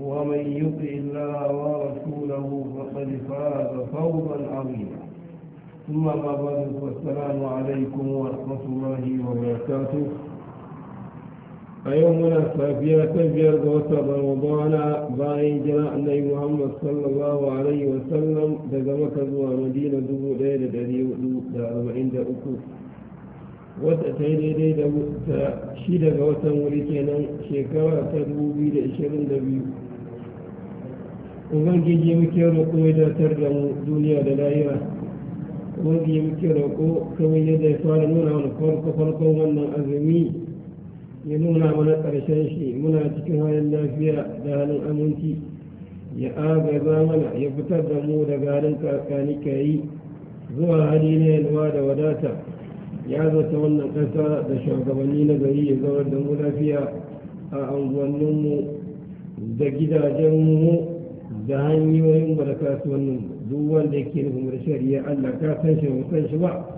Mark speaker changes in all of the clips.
Speaker 1: ومن يطع الله ورسوله فقد فاز فوضا عظيما ثم ما بعد فالسلام عليكم ورحمة الله وبركاته أيومنا سافية تبير دوت رمضان باين جناء النبي محمد صلى الله عليه وسلم دقمك زوى مدينة دبو ليلة دريو دا أربعين دا أكو وتأتي ليلة دا شيدة دوت مولي شكرا تدبو بيد إشرين دبيو ubangiji muke roƙo ya datar da mu duniya da lahira ubangiji muke roƙo kamar yadda ya fara nuna mana farko farkon wannan azumi ya nuna mana ƙarshen shi muna cikin halin lafiya da halin aminci ya agaza mana ya fitar da mu daga halin kakani kayi zuwa hali na yalwa da wadata ya zata wannan ƙasa da shugabanni na gari ya zaunar da mu lafiya a anguwanninmu da gidajenmu da hanyoyin ba da kasuwannin duk wanda yake nufin da shari'a Allah ka san shi ba san shi ba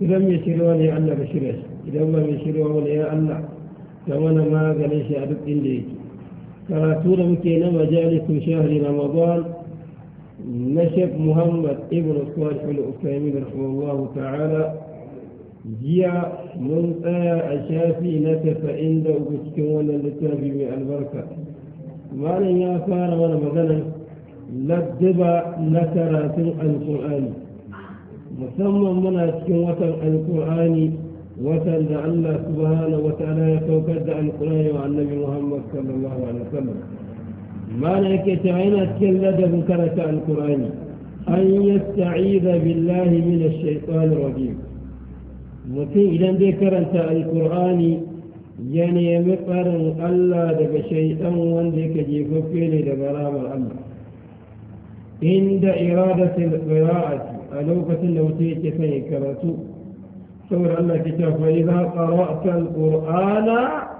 Speaker 1: idan mai shirwa ne Allah ka shirya shi idan ba mai shirwa ba ne ya Allah ta mana maganin shi a duk inda yake karatu da muke na majalisun shahri ramadan na shek muhammad ibn salih al-usaimi rahimahullahu ta'ala jiya mun tsaya a shafi na tasa'in da uku cikin wannan littafi mai albarka malam ya fara mana maganar لدبا نترى القرآن وثم من أسكن وتر القرآن وتر الله سبحانه وتعالى يتوكل يتوكد القرآن وعن النبي محمد صلى الله عليه وسلم ما لك تعين أسكن لدب كرت القرآن أن يستعيذ بالله من الشيطان الرجيم متين إذا ذكرت القرآن يعني يمقر الله دب شيطان وان ذكر جيفو الأمر عند إرادة القراءة ألوفة النوتية كفين كرتو سورة الله كتاب فإذا قرأت القرآن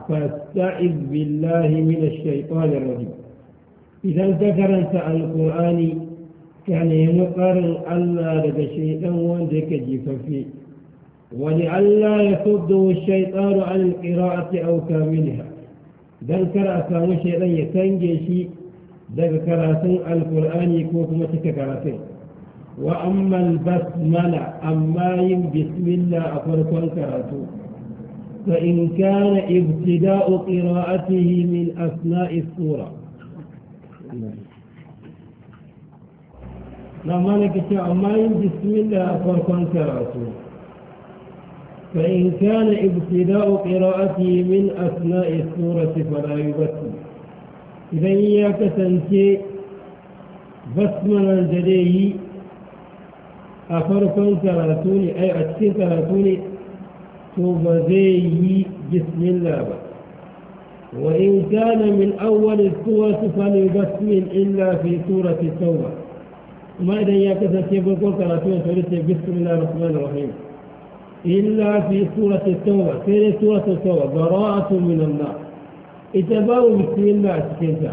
Speaker 1: فاستعذ بالله من الشيطان الرجيم إذا ذكر أنت القرآن كان ينقر الله لدى شيطان وانك فيه ولعل يصده الشيطان عن القراءة أو كاملها ذكر أسامه شيئا يتنجي شيئا daga karatun alkur'ani ko kuma cika karatun wa ammal basmala amma yin bismillah a farkon karatu fa in kana ibtida'u qira'atihi min asna'i sura na malaka ce amma yin bismillah a farkon karatu فإن كان ابتداء قراءته من أثناء السورة فلا يبتل idan ya kasance basmalar da zai yi a farkon karatu ne ai a cikin karatu ne to ba zai yi bismillah ba wa in kana min awwal surati fali basmin illa fi surati tauba kuma idan ya kasance farkon karatu ne to zai bismillah rahman rahim illa fi surati tauba sai dai surati tauba bara'atu min Allah إذا بسم الله أتكنت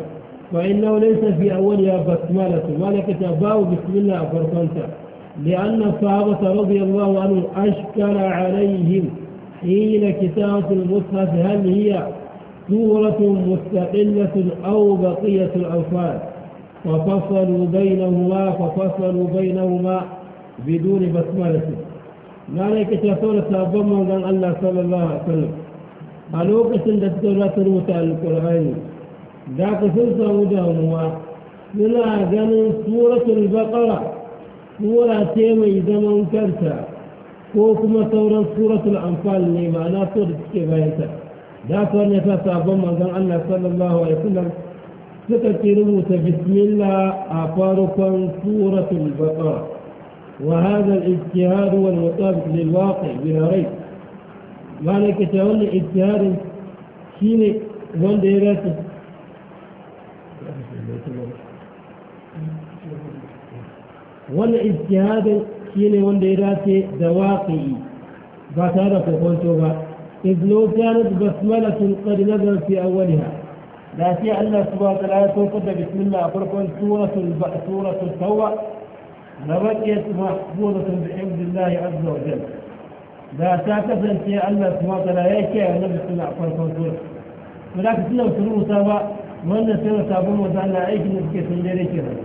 Speaker 1: فإنه ليس في أولها بسمالة مالك تباو بسم الله أفرطنت لأن الصحابة رضي الله عنهم أشكل عليهم حين كتابة المصحف هل هي سورة مستقلة أو بقية الألفاظ ففصلوا بينهما ففصلوا بينهما بدون بسمالة مالك تسورة أبما قال الله صلى الله عليه وسلم لوكسن دكتور تروت القرآن ذاك سلطة ودهموا لنا جنون سورة البقرة سورة تيمة إذا ما انكرتها كوكما سورة سورة الأنفال لما لا ترد كبايتا ذاك أن يتصاب من الله صلى الله عليه وسلم ستكرم بسم الله أفارقا سورة البقرة وهذا الاجتهاد والمطابق للواقع بلا ريب mana ke ta wannan ijtiharin shi ne wanda ya rasa wannan ijtiharin shi ne wanda إذ لو كانت بسملة قد نزل في أولها لا في الله سبحانه وتعالى توقد بسم الله أقول سورة سورة التوبة لبقيت محفوظة بحمد الله عز وجل da ta kasance Allah su mata da ya ke a nabi suna a farkon sura ba za ka suna su rubuta ba wannan sai wata abin wata Allah aikin da suke sun jere ke nan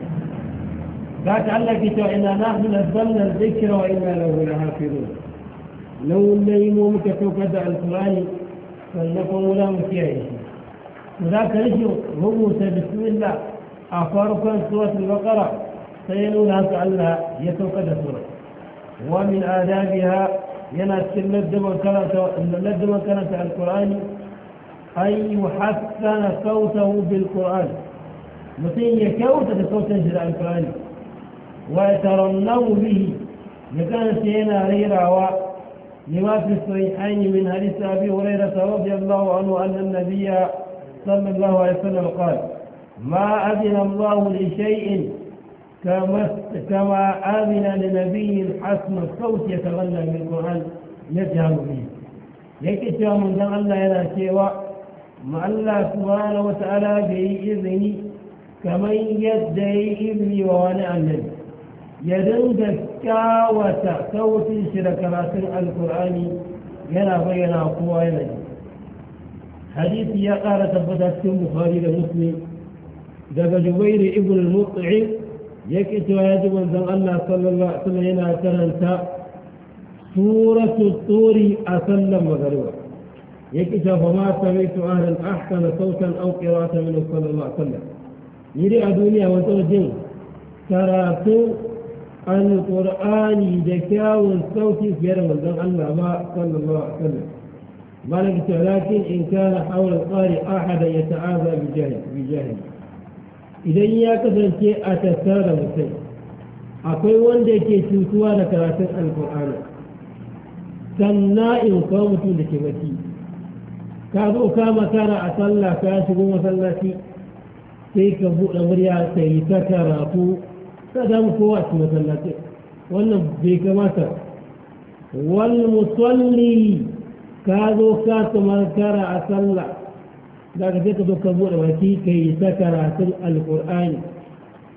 Speaker 1: za ka Allah ke cewa ina na hadu na zannar zikira wa ina na hula hafizu lallai mu muka saukar da alkurani sannan kuma wula mu kiyaye shi za ka rike rubuta bismillah a farkon suratul baqara sai nuna haka Allah ya saukar da sura ومن آدابها ينسل لدم وكانت لدم وكانت القرآن أي يحسن صوته بالقرآن مثل يكوت بصوت جل القرآن ويترنم به لكان سينا عليه رعوة لما في الصحيحين من حديث أبي هريرة رضي الله عنه أن النبي صلى الله عليه وسلم قال ما أذن الله لشيء كما كما آمن لنبي حسم الصوت يتغنى بالقرآن يجهر به yake cewa manzon Allah yana cewa ma Allah subhanahu wa ta'ala bai yi izini kamar yadda ya yi izini wa wani annabi ya dinga kyawata sautin shi da karatun alkur'ani yana bayyana kowa yana ji hadisi ya ƙara tabbata cikin bukhari da muslim daga jubairu ibn al-mut'im yake cewa ya ji manzon Allah sallallahu alaihi wasallam yana karanta suratu turi a sallan magariba yake cewa fa ma sami'tu ahlan ahsana sautan aw qira'atan min sallallahu alaihi wasallam ni dai a duniya wato jin karatu alqur'ani da kyawun sauti fiye da manzon Allah ba sallallahu alaihi wasallam مالك لكن إن كان حول القارئ أحد يتعاذى بجهل بجهل idan ya kasance a tattara da mutum akwai wanda ke cutuwa da karatun alkur'ani sannan in kawo mutum da ke baki ka zo ka makara a sallah ka shigo masallaci sai ka buɗe murya ka yi ta karatu ka damu kowa a cikin masallaci wannan bai kamata wal musalli ka zo ka makara a sallah da ka sai ka zo ka buɗe baki ka yi ta karatun alƙur'ani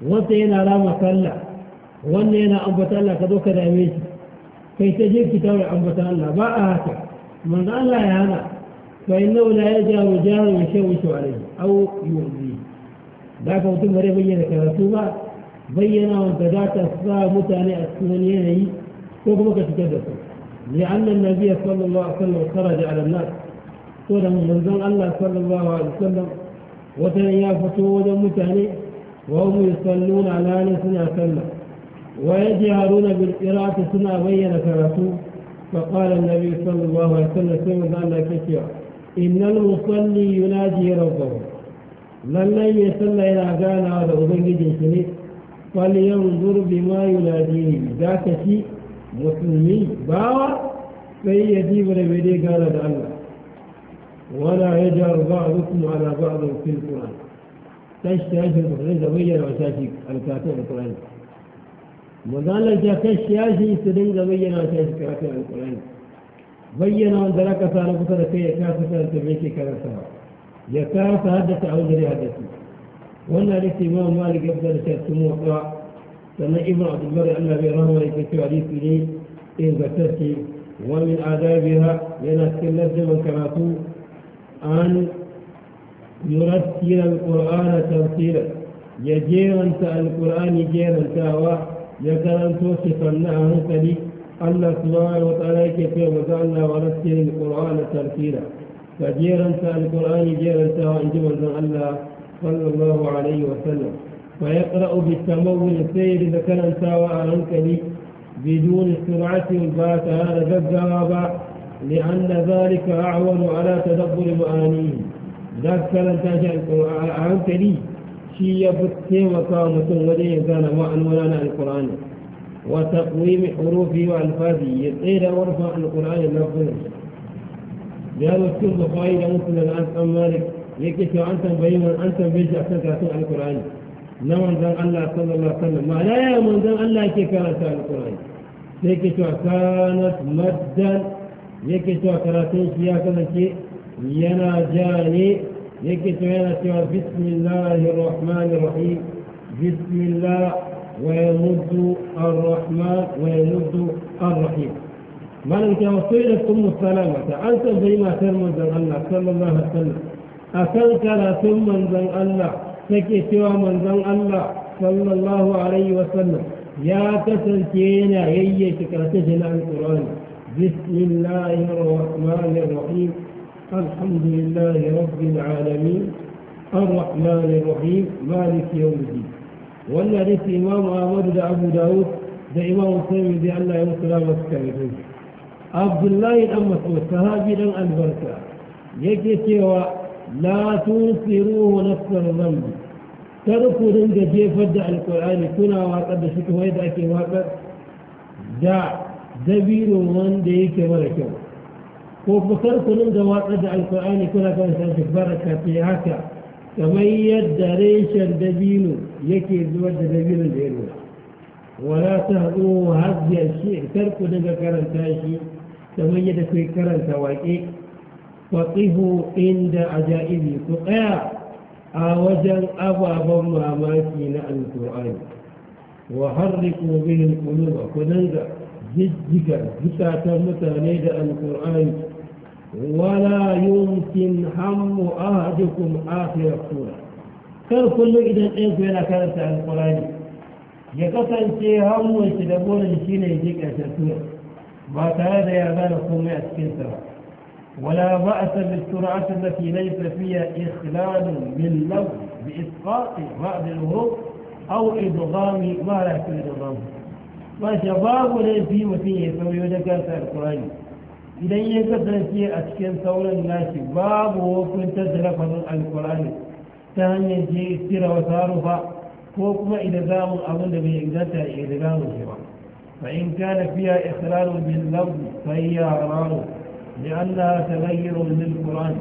Speaker 1: wanda yana rama sallah wanda yana ambata Allah ka zo ka dame shi kai ta je ki tawaye ambata Allah ba a haka manzo Allah ya hana fa innahu la yajawu jahu yashawishu alayhi aw yu'zi da ka mutum bare bayyana karatu ba bayyana wanda za ta sa mutane a cikin wani yanayi ko kuma ka fitar da su لأن النبي صلى الله عليه وسلم خرج على الناس so da manzon Allah sallallahu alaihi wasallam wata ya fito wajen mutane wa hum yusalluna ala ne suna sallah wa yajharuna bil qira'ati suna bayyana karatu fa qala an-nabi sallallahu alaihi wasallam sai manzon Allah ya ce innal musalli yunaji rabbahu lallai mai sallah yana ganawa da ubangijinsa ne falyanzur bima yunadihi zaka shi musulmi bawa sai ya diba da bai dai gana da Allah ولا يجعل بعضكم على بعض في القرآن تشتاش المخرج ويا وساسي الكاتب القرآن وقال لك تشتاش يستدين ويا وساسي الكاتب القرآن بين أن ذلك صار بطر كي يكافة تبعيك كرسها يكافة هدت أو ذري هدت وانا الاتمام مالك أفضل شرطموه أقرأ سنة ابن عبد البر أن بيرهما في عليك إليه إن ذكرت ومن آدابها لنسكن من كراتو أن يرتل القرآن ترتيلا يجيرا القرآن جيرا تاوى يكرن توصفا نعه تلي الله سبحانه وتعالى كيف وزعنا ورتل القرآن ترتيلا فجيرا القرآن أنت تاوى عندما الله صلى الله عليه وسلم فيقرأ بالتمول سير ذكرا تاوى عنك بدون سرعة الباتة هذا جزاء لأن ذلك أعون على تدبر معانيه ذاك ذكر أنت أنت لي شيء بكي وقام تنغدي إنسان وأن ولانا القرآن وتقويم حروفه وألفاظه يطير ورفع القرآن لفظه لأن السلطة فائدة مثل الآن أم مالك يكشف أنتم بهم أنتم بجع تنكاتون عن القرآن نوع ذا الله صلى الله عليه وسلم ما لا يا من ذا الله كي كانت عن القرآن تكشف كانت مدًا بسم الله الرحمن الرحيم بسم الله ويمد الرحمن ويمد الرحيم ما لم توصي لكم السلامة أنت زي ما ترمن ذن الله صلى الله عليه وسلم أكلك لا ترمن ذن الله تكي سوى من ذن الله صلى الله عليه وسلم يا تسلكينا هي تكرتجنا القرآن بسم الله الرحمن الرحيم الحمد لله رب العالمين الرحمن الرحيم مالك يوم الدين ولا ليس إمام أحمد دا أبو داود دا إمام سامي دي الله يوم عبد الله الأمة والسهابي لن البركة يكي سوى لا تنصروه نفس الظلم تركوا دنجا جيف ودع القرآن كنا وقد شكوا ويدعك وقد دع dabino wanda yake mara kyau ko fukar kunun da watsa da alkur'ani kuna kan sa shi baraka ce haka kamar yadda reshen dabino yake zubar da dabino da ya nuna wala ta haɗu hajjiyar shi kar ku daga karanta shi kamar yadda kai karanta waƙe faqihu inda ajaibi ku tsaya a wajen ababen mamaki na alkur'ani wa harriku bihi alquluba ku dinga جدك بساتمت نيد القرآن ولا يمكن هم أهدكم آخر سورة كان كل إذن إيه فينا كانت عن القرآن يقصن شيء هم ويتدبون لشينا يجيك أساسورة ما هذا يا بانكم أسكنتها ولا بأس بالسرعة التي ليس فيها إخلال من بإسقاط بعض الهروب أو إضغام ما لا يكون إضغامه ba shi babu laifi mutum ya sauri wajen karanta alkurani idan ya kasance a cikin sauran nashi babu hukuntar da lafazin alkurani ta hanyar je tira wasu harufa ko kuma idan zamun abin da bai inganta ya riga mu shi ba fa in kana fiya israrun bil lafz fa hiya raru li'annaha taghayyurun lil qur'an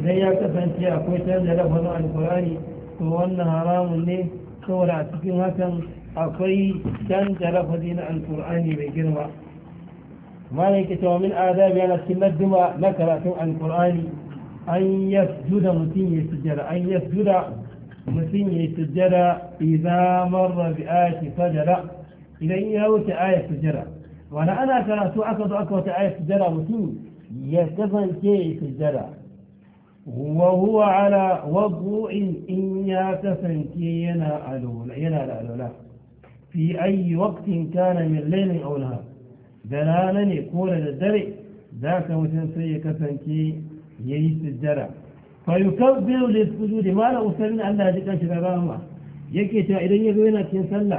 Speaker 1: idan ya kasance akwai canza lafazin alkurani to wannan haramun ne saboda a cikin hakan أقي دن جرف دين عن قرآني بجنوة ما ليك تو من آذاب أنا سمد ما نكرت عن قرآن أن يسجد مسيح يسجد أن يسجد مسيح يسجد إذا مر بآية فجر إذا يهوت آية سجرة وانا انا ترى سو اكو آية اكو تاي سجرة يتفن كي سجرة وهو على وضوء ان يتفن كي ينا الولا ينا الولا في أي وقت كان من ليل أو نهار دلالا يقول للدري ذاك متنسي كسنكي يجيس الدرع فيكبر للسجود ما لا أسرنا أن لا ذكر شبابهما يكي تعيدين يقولنا كين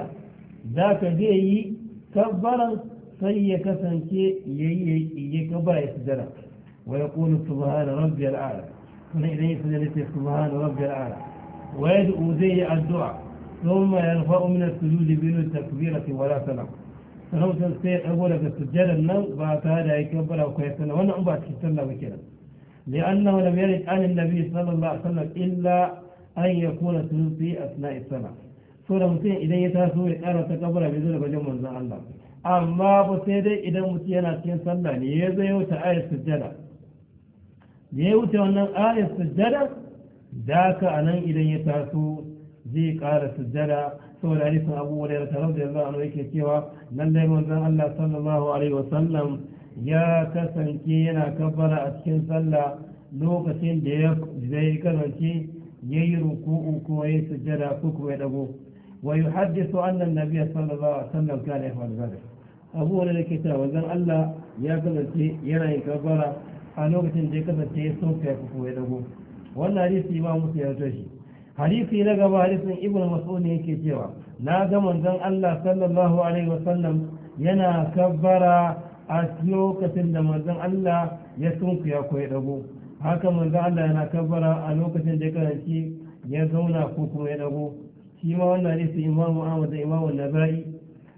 Speaker 1: ذاك جي كبرا سي كسنكي يكبر يسدرع ويقول سبحان ربي الأعلى هنا إذن يسجد سبحان ربي الأعلى ويدعو زي الدعاء يوم ينفع من السجود بين التكبيرة ولا سلام sanau sun sai ɗago daga sujjadar nan ba tare da ya kabbara ko ya sanar wannan ba cikin sallah ba kenan li annahu lam yarid an annabi sallallahu alaihi wasallam illa an yakuna sunusi asna'i sana so da mutum idan ya taso ya ƙara ta kabbara bai zai wajen manzon Allah amma ba sai dai idan mutum yana cikin sallah ne ya zai wuce ayat sujjada da ya wuce wannan ayat sujjada da ka anan idan ya taso zai ƙara sujjada saboda hadisin abu wa da tarar da Allah yake cewa lallai manzon Allah sallallahu alaihi wasallam ya kasance yana kabbara a cikin sallah lokacin da ya zai kasance ya yi ruku'u ko ya sujjada ko kuma ya dago wa yuhaddithu anna an-nabiy sallallahu alaihi wasallam kana yaf'al dhalik abu wa da yake cewa manzon Allah ya kasance yana yin kabbara a lokacin da ya kasance ya soka ko ya dago wannan hadisi ba musu yarda shi hadisi na gaba hadisin ibn mas'ud yake cewa na ga manzon Allah sallallahu alaihi wasallam yana kabbara a lokacin da manzon Allah ya sunkuya ko ya dago haka manzon Allah yana kabbara a lokacin da ya karanci ya zauna ko kuma ya dago shi ma wannan hadisi imamu Ahmad da imamu Nabai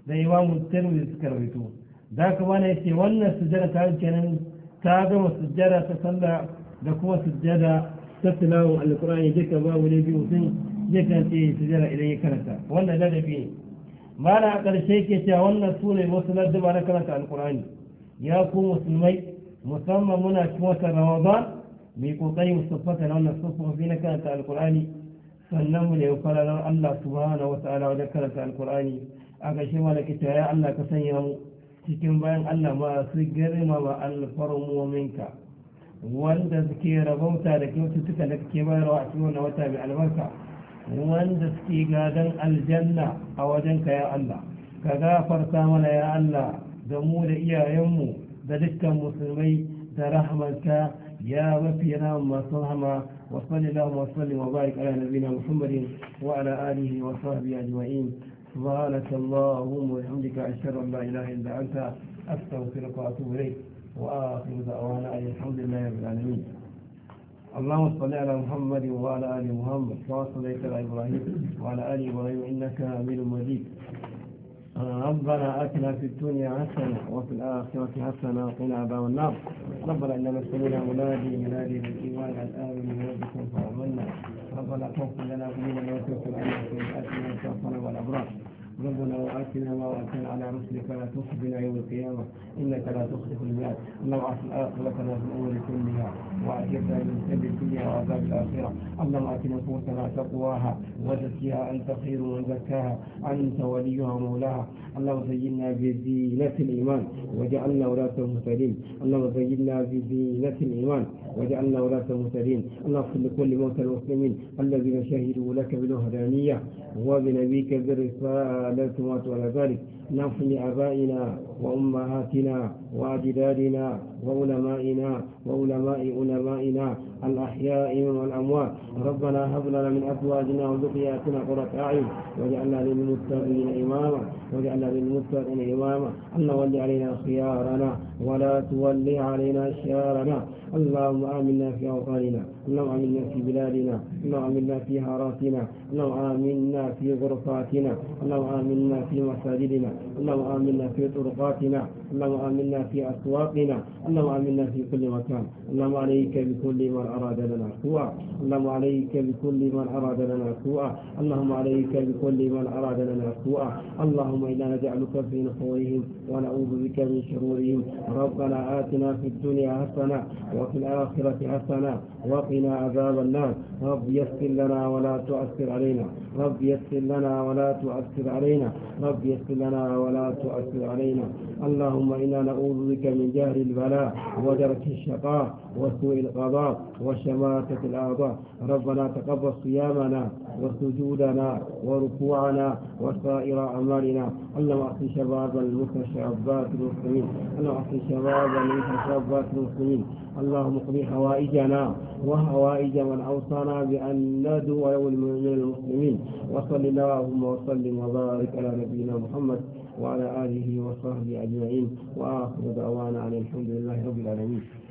Speaker 1: da imamu Tirmidhi suka rawaito da kuma ne ce wannan sujjada ta kenan ta gama sujjada ta sallah da kuma sujjada تتلو القرآن جك واو لبي وسن جك أنت سجل إليه كنتا ولا جد فيه ما لا أقل شيء كي أن سورة وصل الدبارة كنتا القرآن يا كو مسلمي مسمى منا شوات رمضان بيقطعي مصطفة لأن الصفة فينا كانت القرآن فنمو لي وقال الله سبحانه وتعالى وذكرت القرآن أقل شيء ما لك تهيا أن لك سيئم تكن بيان أن ما سجر ما الفرم ومنك wanda suke rabauta da kyaututtuka da kake bayarwa a cikin wannan wata mai albarka wanda suke gadon aljanna a wajen ka ya Allah ka gafarta mana ya Allah da mu da iyayenmu da dukkan musulmai da rahmanka ya mafi na masu hama wa sallallahu wa sallim wa barik ala nabiyina muhammadin wa ala alihi wa sahbihi ajma'in subhanaka allahumma wa bihamdika ashhadu an la ilaha illa anta astaghfiruka wa atubu ilayk وآخر دعوانا أن الحمد لله رب العالمين اللهم صل على محمد وعلى آل محمد كما صليت على إبراهيم وعلى آل إبراهيم إنك حميد مجيد ربنا آتنا في الدنيا حسنة وفي الآخرة حسنة وقنا عذاب النار ربنا إننا سمعنا منادي منادي بالإيمان الآن آمنوا ربكم فآمنا ربنا توفر لنا ذنوبنا وتغفر لنا سيئاتنا وتوفنا والأبرار ربنا وآتنا ما وآتنا على رسلك لا تخزنا يوم القيامة إنك لا تخلف الميعاد اللهم الاخره لك في الأمور كلها وأجرنا من سب الدنيا وعذاب الآخرة اللهم آت نفوسنا تقواها وزكيها أنت خير من زكاها أنت وليها ومولاها اللهم زينا بزينة الإيمان وجعلنا ولاة المهتدين اللهم زينا بزينة الإيمان وجعلنا ولاة المهتدين اللهم اغفر لكل موتى المسلمين الذين شهدوا لك بالوحدانية وبنبيك بالرسالة وماتوا على ذلك نغفر لآبائنا وأمهاتنا وأجدادنا وعلمائنا وعلماء أولئك آبائنا الأحياء والأموات ربنا هب لنا من أزواجنا وذرياتنا قرة أعين واجعلنا للمتقين إماما واجعلنا للمتقين إماما اللهم ولي علينا خيارنا ولا تولي علينا شرارنا اللهم آمنا في أوطاننا اللهم آمنا في بلادنا اللهم آمنا في هاراتنا اللهم آمنا في غرفاتنا اللهم آمنا في مساجدنا اللهم آمنا في طرقاتنا اللهم آمنا في أسواقنا اللهم آمنا في كل مكان اللهم عليك بكل من أراد لنا سوءا اللهم عليك بكل من أراد لنا سوءا اللهم عليك بكل من أراد لنا سوءا اللهم إنا نجعلك في نحورهم ونعوذ بك من شرورهم ربنا آتنا في الدنيا حسنة وفي الآخرة حسنة وقنا عذاب النار رب يسر لنا ولا تؤثر علينا رب يسر لنا ولا تؤثر علينا رب يسر لنا ولا تؤثر علينا اللهم إنا نعوذ بك من جهل البلاء ودرك الشقاء وسوء القضاء وشماتة الأعضاء ربنا تقبل صيامنا وسجودنا وركوعنا وسائر أعمالنا اللهم أعطي شباب المستشعبات المسلمين اللهم أعطي شبابا منها شابات المسلمين اللهم اقضي حوائجنا وحوائج من اوصانا بان ندعو يوم من المسلمين وصل اللهم وسلم وبارك على نبينا محمد وعلى اله وصحبه اجمعين واخر دعوانا ان الحمد لله رب العالمين